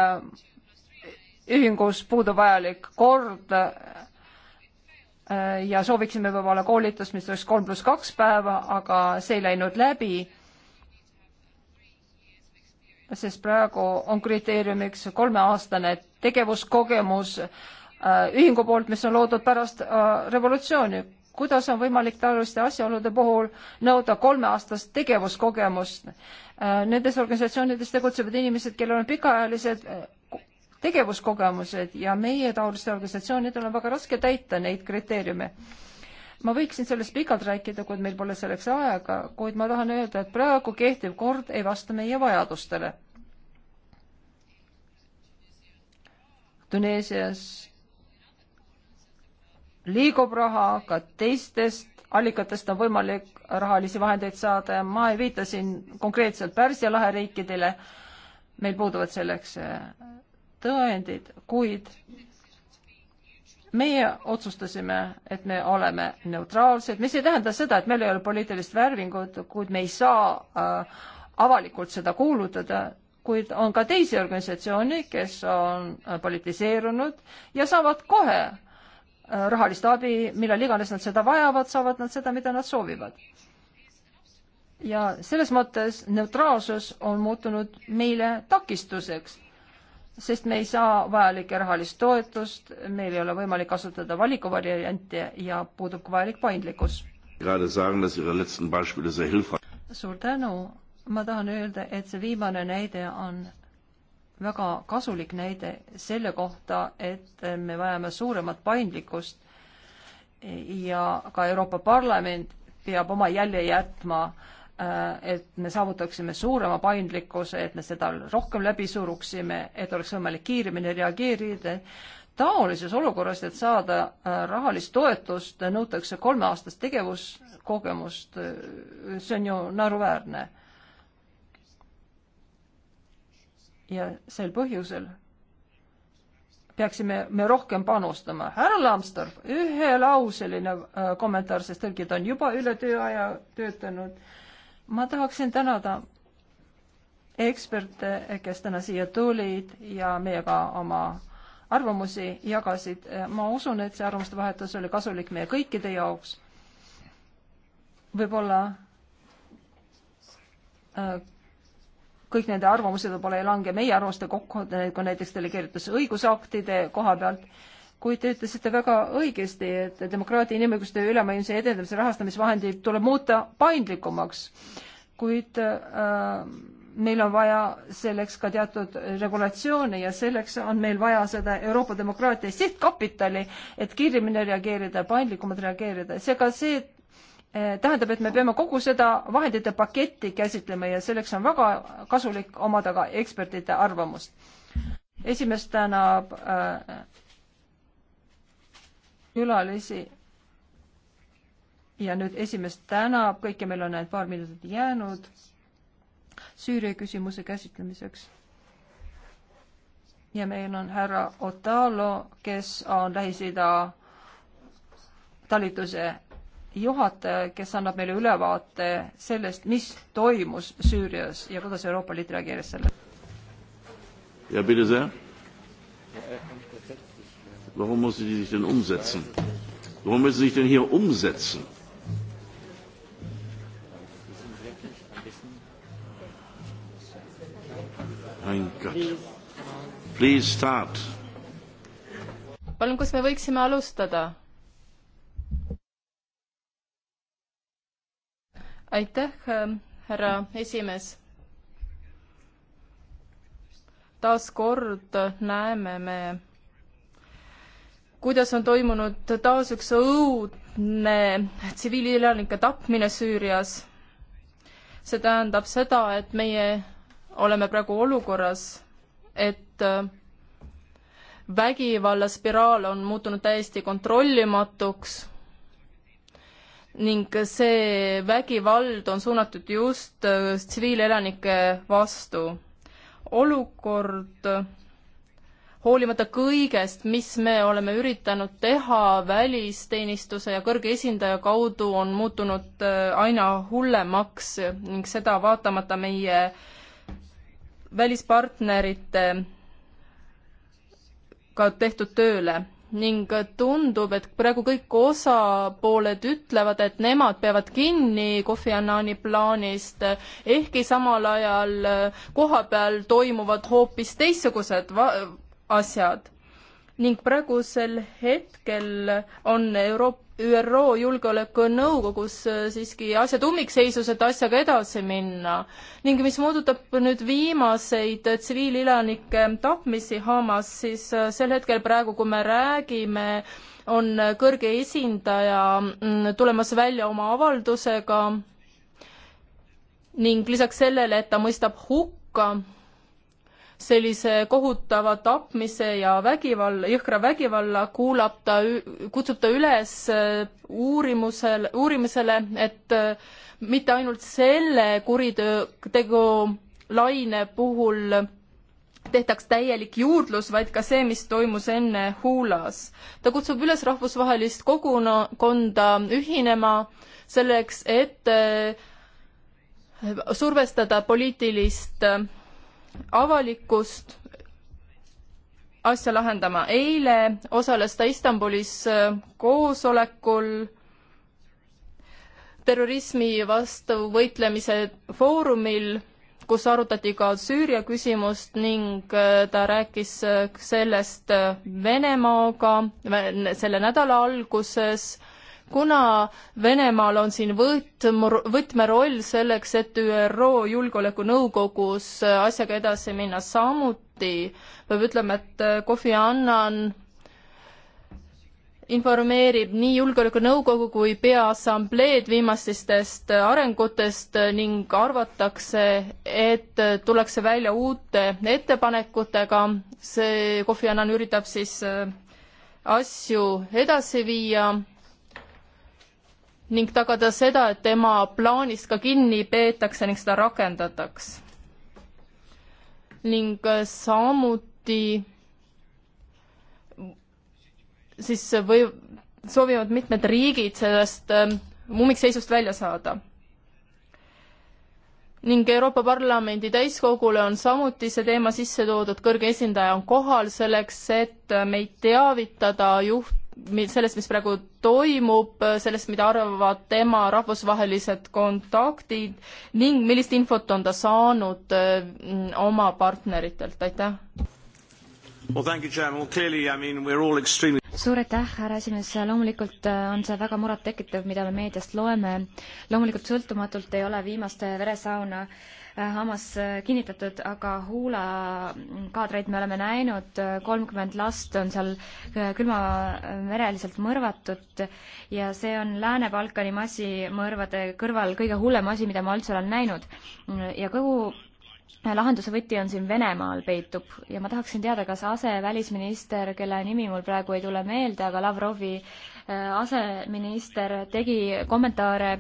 ühingus puudub vajalik kord eh, ja sooviksime võib-olla koolitust, mis oleks kolm pluss kaks päeva, aga see ei läinud läbi sest praegu on kriteeriumiks kolmeaastane tegevuskogemus äh, ühingu poolt, mis on loodud pärast äh, revolutsiooni. kuidas on võimalik taoliste asjaolude puhul nõuda kolmeaastast tegevuskogemust? Äh, nendes organisatsioonides tegutsevad inimesed, kellel on pikaajalised tegevuskogemused ja meie taolistel organisatsioonidel on väga raske täita neid kriteeriume ma võiksin sellest pikalt rääkida, kuid meil pole selleks aega, kuid ma tahan öelda, et praegu kehtiv kord ei vasta meie vajadustele. Tuneesias liigub raha, ka teistest allikatest on võimalik rahalisi vahendeid saada ja ma ei viita siin konkreetselt Pärsia lahe riikidele, meil puuduvad selleks tõendid, kuid meie otsustasime, et me oleme neutraalsed, mis ei tähenda seda, et meil ei ole poliitilist värvingut, kuid me ei saa äh, avalikult seda kuulutada, kuid on ka teisi organisatsioone, kes on äh, politiseerunud ja saavad kohe äh, rahalist abi, millal iganes nad seda vajavad, saavad nad seda, mida nad soovivad. ja selles mõttes neutraalsus on muutunud meile takistuseks sest me ei saa vajalikke rahalist toetust, meil ei ole võimalik kasutada valikuvariante ja puudub ka vajalik paindlikkus. suur tänu, ma tahan öelda, et see viimane näide on väga kasulik näide selle kohta, et me vajame suuremat paindlikkust ja ka Euroopa Parlament peab oma jälje jätma äh, Äh, et me saavutaksime suurema paindlikkuse, et me seda rohkem läbi suruksime, et oleks võimalik kiiremini reageerida. taolises olukorras, et saada äh, rahalist toetust, nõutakse kolmeaastast tegevuskogemust. see on ju naeruväärne. ja sel põhjusel peaksime me rohkem panustama. härra Lambsdorff, ühelauseline äh, kommentaar, sest tõlgid on juba üle tööaja töötanud ma tahaksin tänada eksperte, kes täna siia tulid ja meiega oma arvamusi jagasid. ma usun, et see arvamuste vahetus oli kasulik meie kõikide jaoks. võib-olla äh, kõik nende arvamused võib-olla ei lange meie arvamuste kokku, kui näiteks delegeeritakse õigusaktide koha pealt kuid te ütlesite väga õigesti, et demokraatia inimõiguste ülemaailmse edendamise rahastamisvahendid tuleb muuta paindlikumaks, kuid äh, meil on vaja selleks ka teatud regulatsioone ja selleks on meil vaja seda Euroopa demokraatia sihtkapitali, et kiiremini reageerida ja paindlikumalt reageerida, seega see äh, tähendab, et me peame kogu seda vahendite paketti käsitlema ja selleks on väga kasulik omada ka ekspertide arvamust. esimest tänab äh, külalisi. ja nüüd esimest tänab, kõike meil on ainult paar minutit jäänud Süüria küsimuse käsitlemiseks. ja meil on härra Otalo, kes on Lähis-Ida talituse juhataja, kes annab meile ülevaate sellest, mis toimus Süürias ja kuidas Euroopa Liit reageeris sellele. ja pidi see? Warum muss sie die nicht denn umsetzen? Warum müssen sie sich denn hier umsetzen? Mein Gott. Please start. palun, kas me võiksime alustada? aitäh, ähm, härra esimees taas kord näeme me kuidas on toimunud taas üks õudne tsiviilelanike tapmine Süürias. see tähendab seda, et meie oleme praegu olukorras, et äh, vägivallaspiraal on muutunud täiesti kontrollimatuks ning see vägivald on suunatud just äh, tsiviilelanike vastu. olukord hoolimata kõigest, mis me oleme üritanud teha välisteenistuse ja kõrge esindaja kaudu, on muutunud äh, aina hullemaks ning seda vaatamata meie välispartnerite ka tehtud tööle ning tundub, et praegu kõik osapooled ütlevad, et nemad peavad kinni Kofi Annani plaanist, ehkki samal ajal äh, kohapeal toimuvad hoopis teistsugused va-, asjad ning praegusel hetkel on Euroopa ÜRO Julgeolekunõukogus äh, siiski asjad ummikseisus, et asjaga edasi minna. ning mis puudutab nüüd viimaseid äh, tsiviilelanike tapmisi Hamas, siis äh, sel hetkel praegu, kui me räägime, on kõrge esindaja mm, tulemas välja oma avaldusega ning lisaks sellele, et ta mõistab hukka sellise kohutava tapmise ja vägivalla, jõhkra vägivalla, kuulab ta, kutsub ta üles äh, uurimusel, uurimisele, et äh, mitte ainult selle kuriteo, tegu laine puhul tehtaks täielik juurdlus, vaid ka see, mis toimus enne Hulas. ta kutsub üles rahvusvahelist kogukonda ühinema selleks, et äh, survestada poliitilist avalikkust asja lahendama. eile osales ta Istanbulis äh, koosolekul terrorismi vastu võitlemise foorumil, kus arutati ka Süüria küsimust ning äh, ta rääkis äh, sellest Venemaaga selle nädala alguses kuna Venemaal on siin võtm-, võtmeroll selleks, et ÜRO Julgeolekunõukogus äh, asjaga edasi minna, samuti peab ütlema, et äh, Kofi Annan informeerib nii Julgeolekunõukogu kui Peaassambleed viimastest äh, arengutest ning arvatakse, et tullakse välja uute ettepanekutega, see Kofi Annan üritab siis asju edasi viia ning tagada seda, et tema plaanist ka kinni peetakse ning seda rakendataks. ning äh, samuti siis või soovivad mitmed riigid sellest ähm, ummikseisust välja saada. ning Euroopa Parlamendi täiskogule on samuti see teema sisse toodud, kõrge esindaja on kohal selleks, et äh, meid teavitada juht-, sellest, mis praegu toimub, sellest, mida arvavad tema rahvusvahelised kontaktid ning millist infot on ta saanud mm, oma partneritelt, aitäh! Well, you, well, clearly, I mean, extremely... suur aitäh, härra esimees, loomulikult äh, on see väga murettekitav, mida me meediast loeme. loomulikult sõltumatult ei ole viimaste veresauna äh, Äh, Hamas äh, kinnitatud, aga Hula mm, kaadreid me oleme näinud, äh, kolmkümmend last on seal külmamereliselt mõrvatud ja see on Lääne-Balkani massimõrvade kõrval kõige hullem asi, mida ma üldse olen näinud. ja kogu lahenduse võti on siin Venemaal peitub ja ma tahaksin teada, kas asevälisminister, kelle nimi mul praegu ei tule meelde, aga Lavrovi aseminister tegi kommentaare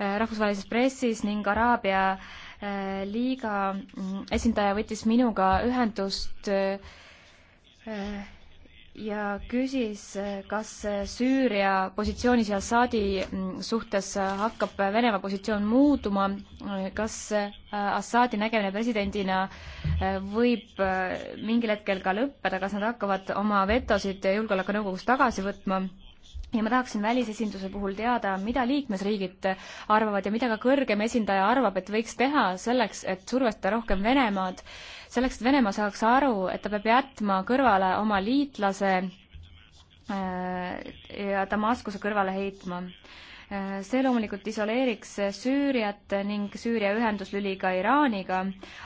rahvusvahelises pressis ning Araabia äh, Äh, liiga mm, esindaja võttis minuga ühendust äh, ja küsis, kas Süüria positsioonis ja Assaadi mm, suhtes hakkab Venemaa positsioon muutuma, kas äh, Assaadi nägemine presidendina võib mingil hetkel ka lõppeda, kas nad hakkavad oma vetosid Julgeolekunõukogust tagasi võtma ja ma tahaksin välisesinduse puhul teada, mida liikmesriigid arvavad ja mida ka kõrgem esindaja arvab, et võiks teha selleks, et survestada rohkem Venemaad, selleks, et Venemaa saaks aru, et ta peab jätma kõrvale oma liitlase äh, ja Damaskuse kõrvale heitma. Äh, see loomulikult isoleeriks Süüriat ning Süüria ühenduslüli ka Iraaniga,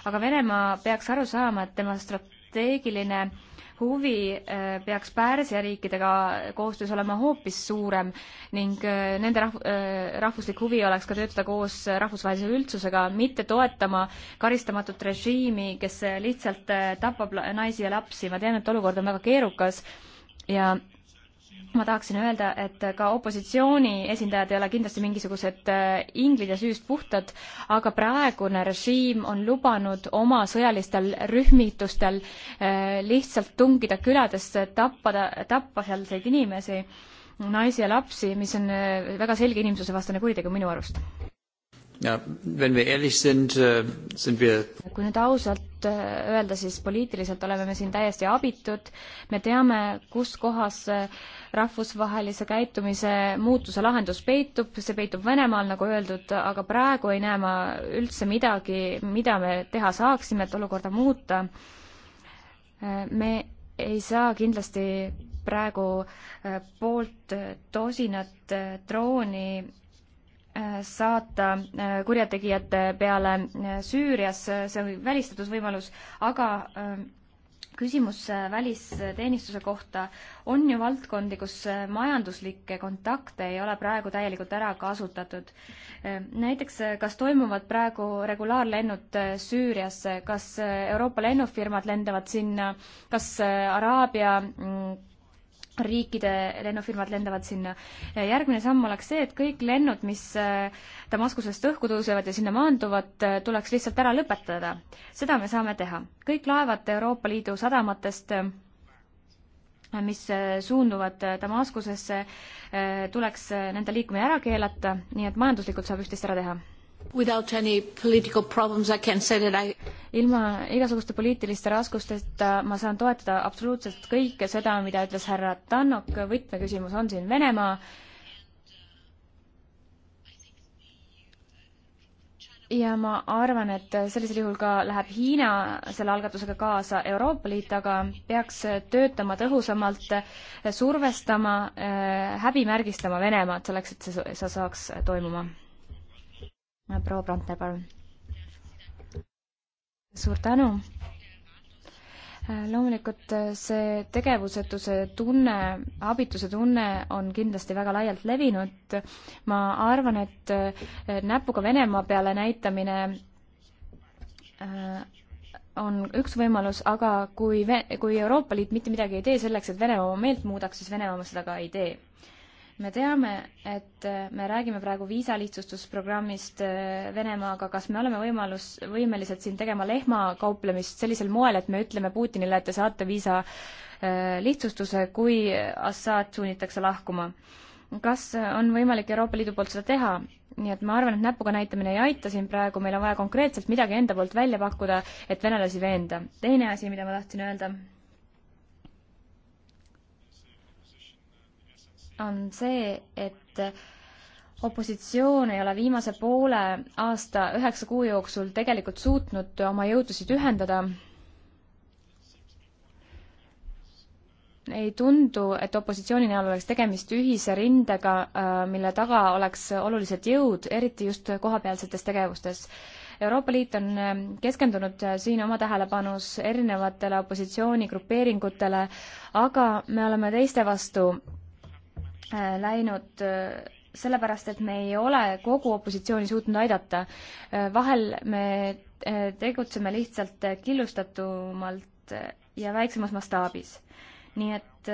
aga Venemaa peaks aru saama, et tema strateegiline äh, huvi äh, peaks Pärsia riikidega koostöös olema hoopis suurem ning äh, nende rahv-, äh, rahvuslik huvi oleks ka töötada koos rahvusvahelise üldsusega, mitte toetama karistamatut režiimi, kes lihtsalt tapab naisi ja lapsi. ma tean, et olukord on väga keerukas ja ma tahaksin öelda, et ka opositsiooni esindajad ei ole kindlasti mingisugused äh, inglid ja süüst puhtad, aga praegune režiim on lubanud oma sõjalistel rühmitustel äh, lihtsalt tungida küladesse, tappada, tappa sealseid inimesi, naisi ja lapsi, mis on äh, väga selge inimsusevastane kuritegu minu arust ja wenn wir ehrlich sind, äh, sind wir kui nüüd ausalt äh, öelda, siis poliitiliselt oleme me siin täiesti abitud. me teame, kus kohas äh, rahvusvahelise käitumise muutuse lahendus peitub, see peitub Venemaal, nagu öeldud, aga praegu ei näe ma üldse midagi, mida me teha saaksime, et olukorda muuta. me ei saa kindlasti praegu poolt tosinat drooni saata äh, kurjategijate peale äh, Süürias, äh, see on välistatud võimalus, aga ähm, küsimus välisteenistuse kohta, on ju valdkondi, kus majanduslikke kontakte ei ole praegu täielikult ära kasutatud. näiteks, kas toimuvad praegu regulaarlennud Süüriasse, kas Euroopa lennufirmad lendavad sinna, kas Araabia mm, riikide lennufirmad lendavad sinna. järgmine samm oleks see, et kõik lennud, mis äh, Damaskusest õhku tõusevad ja sinna maanduvad, äh, tuleks lihtsalt ära lõpetada. seda me saame teha. kõik laevad Euroopa Liidu sadamatest äh, mis suunduvad Damaskusesse, tuleks nende liikumine ära keelata, nii et majanduslikult saab üht-teist ära teha Without any political problems I can say that I ilma igasuguste poliitiliste raskusteta ma saan toetada absoluutselt kõike seda, mida ütles härra Tannok, võtmeküsimus on siin Venemaa. ja ma arvan, et sellisel juhul ka läheb Hiina selle algatusega kaasa, Euroopa Liit aga peaks töötama tõhusamalt, survestama, häbimärgistama Venemaad selleks, et see, see saaks toimuma proua Brandner, palun. suur tänu loomulikult äh, see tegevusetuse tunne, abituse tunne on kindlasti väga laialt levinud. ma arvan, et äh, näpuga Venemaa peale näitamine äh, on üks võimalus, aga kui, kui Euroopa Liit mitte midagi ei tee selleks, et Venemaa oma meelt muudaks, siis Venemaa seda ka ei tee me teame, et äh, me räägime praegu viisalihtsustusprogrammist äh, Venemaaga, kas me oleme võimalus, võimelised siin tegema lehmakauplemist sellisel moel, et me ütleme Putinile, et te saate viisa äh, lihtsustuse, kui Assad sunnitakse lahkuma? kas on võimalik Euroopa Liidu poolt seda teha? nii et ma arvan, et näpuga näitamine ei aita siin praegu, meil on vaja konkreetselt midagi enda poolt välja pakkuda, et venelasi veenda. teine asi, mida ma tahtsin öelda on see, et opositsioon ei ole viimase poole aasta üheksa kuu jooksul tegelikult suutnud oma jõudusid ühendada. ei tundu, et opositsiooni näol oleks tegemist ühise rindega, äh, mille taga oleks olulised jõud, eriti just kohapealsetes tegevustes Euroopa Liit on äh, keskendunud äh, siin oma tähelepanus erinevatele opositsioonigrupeeringutele, aga me oleme teiste vastu Äh, läinud äh, sellepärast, et me ei ole kogu opositsiooni suutnud aidata. Äh, vahel me tegutseme lihtsalt killustatumalt ja väiksemas mastaabis. nii et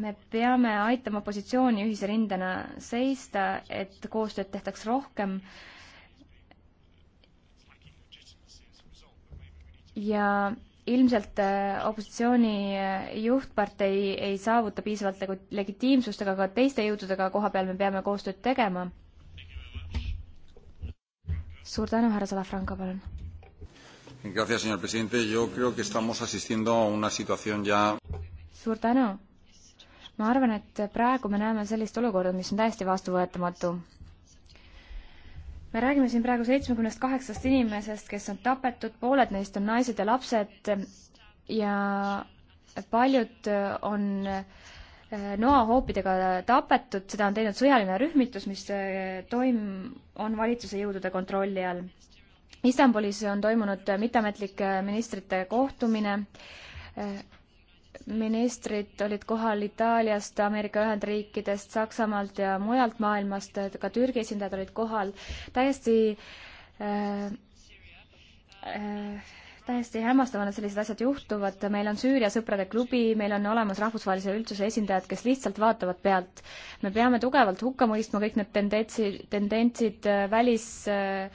me peame aitama opositsiooni ühise rindena seista, et koostööd tehtaks rohkem. ja ilmselt äh, opositsiooni äh, juhtpartei ei, ei saavuta piisavalt legitiimsust, aga ka teiste jõududega koha peal me peame koostööd tegema. suur tänu, härra Salafranco, palun. Gracias, señor presidente. Yo creo que estamos asistiendo a una situación ya. suur tänu. ma arvan, et praegu me näeme sellist olukorda, mis on täiesti vastuvõetamatu me räägime siin praegu seitsmekümnest kaheksast inimesest, kes on tapetud, pooled neist on naised ja lapsed ja paljud on eh, noahoopidega tapetud, seda on teinud sõjaline rühmitus, mis eh, toim-, on valitsuse jõudude kontrolli all. Istanbulis on toimunud mitteametlik ministrite kohtumine eh, ministrid olid kohal Itaaliast, Ameerika Ühendriikidest, Saksamaalt ja mujalt maailmast, ka Türgi esindajad olid kohal, täiesti äh, äh, täiesti hämmastavane, et sellised asjad juhtuvad, meil on Süüria sõprade klubi, meil on olemas rahvusvahelise üldsuse esindajad, kes lihtsalt vaatavad pealt. me peame tugevalt hukka mõistma kõik need tendentsi, tendentsid äh, välis äh,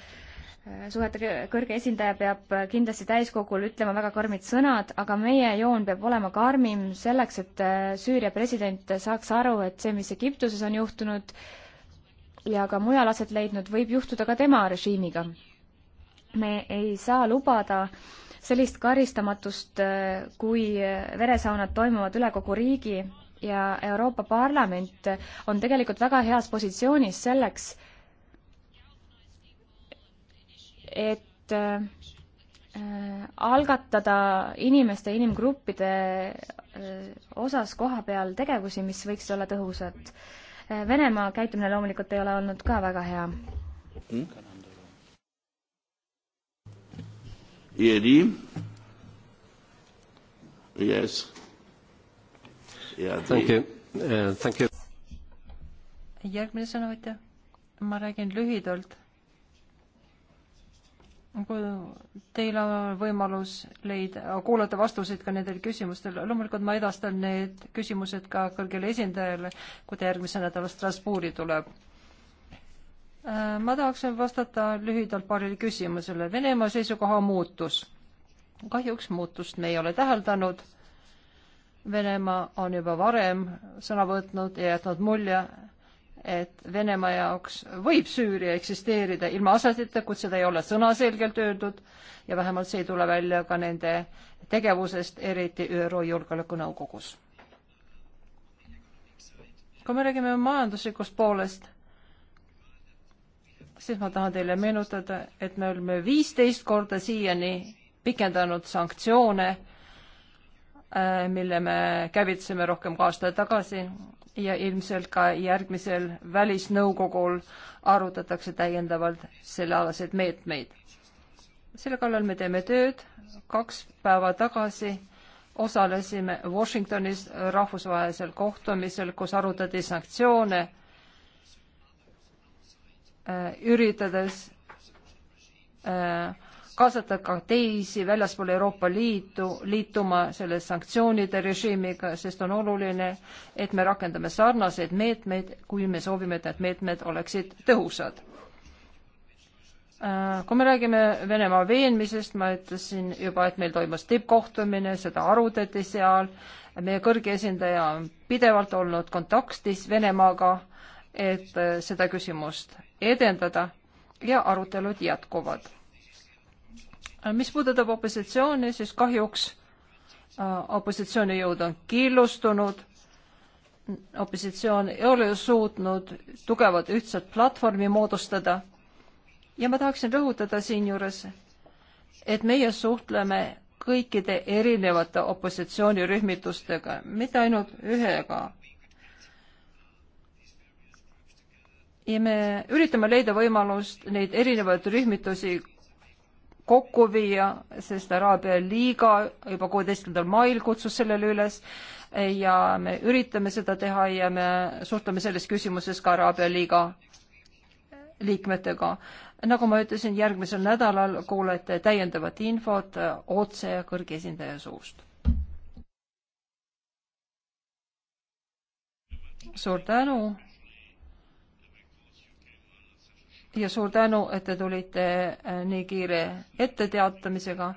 suhete kõrge esindaja peab kindlasti täiskogul ütlema väga karmid sõnad, aga meie joon peab olema karmim selleks, et äh, Süüria president saaks aru, et see, mis Egiptuses on juhtunud ja ka mujal aset leidnud, võib juhtuda ka tema režiimiga. me ei saa lubada sellist karistamatust, äh, kui äh, veresaunad toimuvad üle kogu riigi ja Euroopa Parlament on tegelikult väga heas positsioonis selleks, et äh, algatada inimeste, inimgruppide äh, osas koha peal tegevusi, mis võiks olla tõhusad. Äh, Venemaa käitumine loomulikult ei ole olnud ka väga hea mm.. Eri. Yes. Yeah, thank you. Uh, thank you. järgmine sõnavõtja. ma räägin lühidalt Teil on võimalus leida, kuulata vastuseid ka nendele küsimustele. loomulikult ma edastan need küsimused ka kõrgele esindajale, kui ta järgmisel nädalal Strasbourgi tuleb. Äh, ma tahaksin vastata lühidalt paarile küsimusele. Venemaa seisukoha muutus. kahjuks muutust me ei ole täheldanud. Venemaa on juba varem sõna võtnud ja jätnud mulje, et Venemaa jaoks võib Süüria eksisteerida ilma asetita, kuid seda ei ole sõnaselgelt öeldud ja vähemalt see ei tule välja ka nende tegevusest, eriti ÜRO Julgeolekunõukogus. kui me räägime majanduslikust poolest, siis ma tahan teile meenutada, et me oleme viisteist korda siiani pikendanud sanktsioone, äh, mille me käivitasime rohkem kui aasta tagasi ja ilmselt ka järgmisel välisnõukogul arutatakse täiendavalt sellealaseid meetmeid. selle kallal me teeme tööd. kaks päeva tagasi osalesime Washingtonis rahvusvahelisel kohtumisel, kus arutati sanktsioone, äh, üritades äh, kaasata ka teisi väljaspool Euroopa Liitu liituma selle sanktsioonide režiimiga, sest on oluline, et me rakendame sarnaseid meetmeid, kui me soovime, et need meetmed oleksid tõhusad. Äh, kui me räägime Venemaa veenmisest, ma ütlesin juba, et meil toimus tippkohtumine, seda arutati seal, meie kõrge esindaja on pidevalt olnud kontaktis Venemaaga, et äh, seda küsimust edendada ja arutelud jätkuvad mis puudutab opositsiooni, siis kahjuks äh, opositsioonijõud on killustunud, opositsioon ei ole suutnud tugevat ühtset platvormi moodustada ja ma tahaksin rõhutada siinjuures, et meie suhtleme kõikide erinevate opositsioonirühmitustega, mitte ainult ühega. ja me üritame leida võimalust neid erinevaid rühmitusi kokku viia, sest Araabia liiga juba kuueteistkümnendal mail kutsus sellele üles ja me üritame seda teha ja me suhtleme selles küsimuses ka Araabia liiga liikmetega. nagu ma ütlesin, järgmisel nädalal kuulete täiendavat infot otse kõrge esindaja suust. suur tänu ja suur tänu, et te tulite äh, nii kiire etteteatamisega.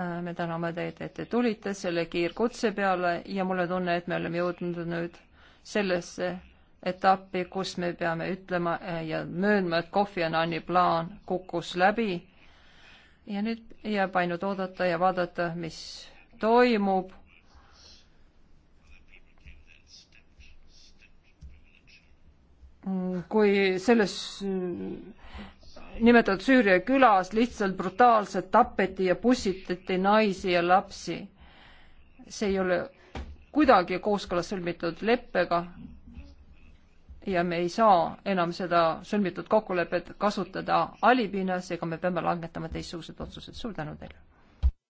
Äh, me täname teid, et te tulite selle kiirkutse peale ja mulle tunne, et me oleme jõudnud nüüd sellesse etappi, kus me peame ütlema äh, ja möönma, et Kofi Annani plaan kukkus läbi. ja nüüd jääb ainult oodata ja vaadata, mis toimub kui selles äh, nimetatud Süüria külas lihtsalt brutaalselt tapeti ja pussitati naisi ja lapsi. see ei ole kuidagi kooskõlas sõlmitud leppega ja me ei saa enam seda sõlmitud kokkulepet kasutada alipinnas, ega me peame langetama teistsugused otsused. suur tänu teile!